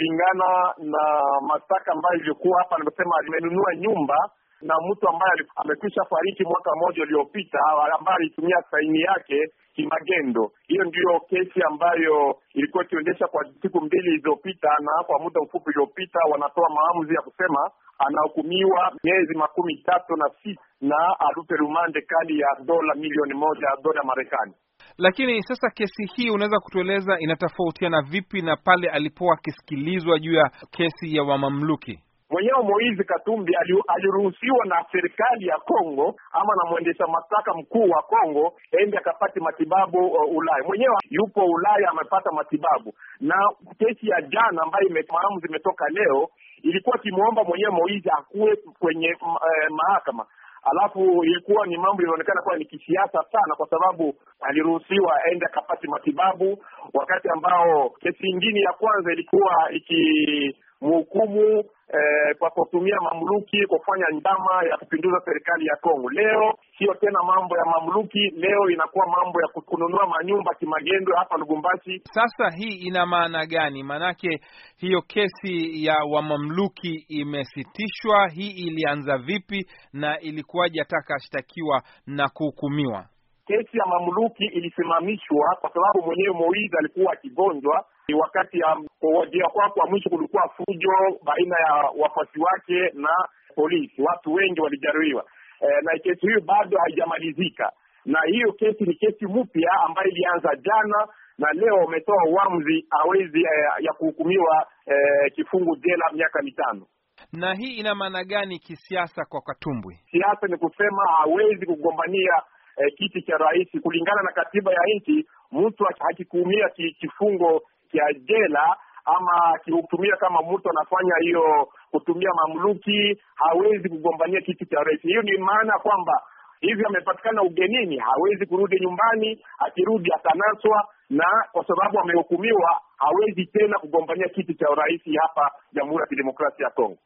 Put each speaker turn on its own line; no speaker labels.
kulingana na mashtaka ambayo ilivyokuwa hapa, nimesema limenunua nyumba na mtu ambaye amekwisha fariki mwaka mmoja uliopita, ambaye alitumia saini yake kimagendo. Hiyo ndiyo kesi ambayo ilikuwa ikionyesha kwa siku mbili ilizopita, na kwa muda mfupi uliopita wanatoa maamuzi ya kusema anahukumiwa miezi makumi tatu na sita na alupe rumande kali ya dola milioni moja ya dola Marekani.
Lakini sasa kesi hii unaweza kutueleza inatofautiana vipi na pale alipokuwa akisikilizwa juu ya kesi ya wamamluki?
Mwenyewe Moizi Katumbi aliruhusiwa na serikali ya Kongo ama na mwendesha mashtaka mkuu wa Kongo ende akapate matibabu uh, Ulaya. Mwenyewe yupo Ulaya amepata matibabu, na kesi ya jana ambayo maamuzi zimetoka leo ilikuwa kimwomba mwenyewe Moizi akuwe kwenye uh, mahakama alafu ilikuwa ni mambo yanaonekana kuwa ni kisiasa sana, kwa sababu aliruhusiwa aende akapate matibabu, wakati ambao kesi ingine ya kwanza ilikuwa ikimhukumu kutumia mamluki kufanya njama ya kupinduza serikali ya Kongo. Leo sio tena mambo ya mamluki, leo inakuwa mambo ya kununua
manyumba kimagendo hapa Lubumbashi. Sasa hii ina maana gani? Maanake hiyo kesi ya wamamluki imesitishwa. Hii ilianza vipi na ilikuwaje ataka ashtakiwa na kuhukumiwa? Kesi ya mamluki
ilisimamishwa kwa sababu mwenyewe Moiz alikuwa akigonjwa ni wakati ya kuwajia kwako wa mwisho, kulikuwa fujo baina ya wafuasi wake na polisi, watu wengi walijeruhiwa. E, na kesi hiyo bado haijamalizika, na hiyo kesi ni kesi mpya ambayo ilianza jana na leo wametoa uamuzi awezi ya, e, ya kuhukumiwa e, kifungu jela miaka mitano.
Na hii ina maana gani kisiasa kwa Katumbwi? Siasa ni kusema hawezi kugombania e, kiti cha rais kulingana na katiba
ya nchi. Mtu akikuumia kifungo kia jela ama akihukumiwa kama mtu anafanya hiyo kutumia mamluki, hawezi kugombania kiti cha rais. Hiyo ni maana kwamba hivi amepatikana ugenini, hawezi kurudi nyumbani. Akirudi atanaswa, na kwa sababu amehukumiwa hawezi tena kugombania kiti cha urais hapa Jamhuri ya Kidemokrasia ya Kongo.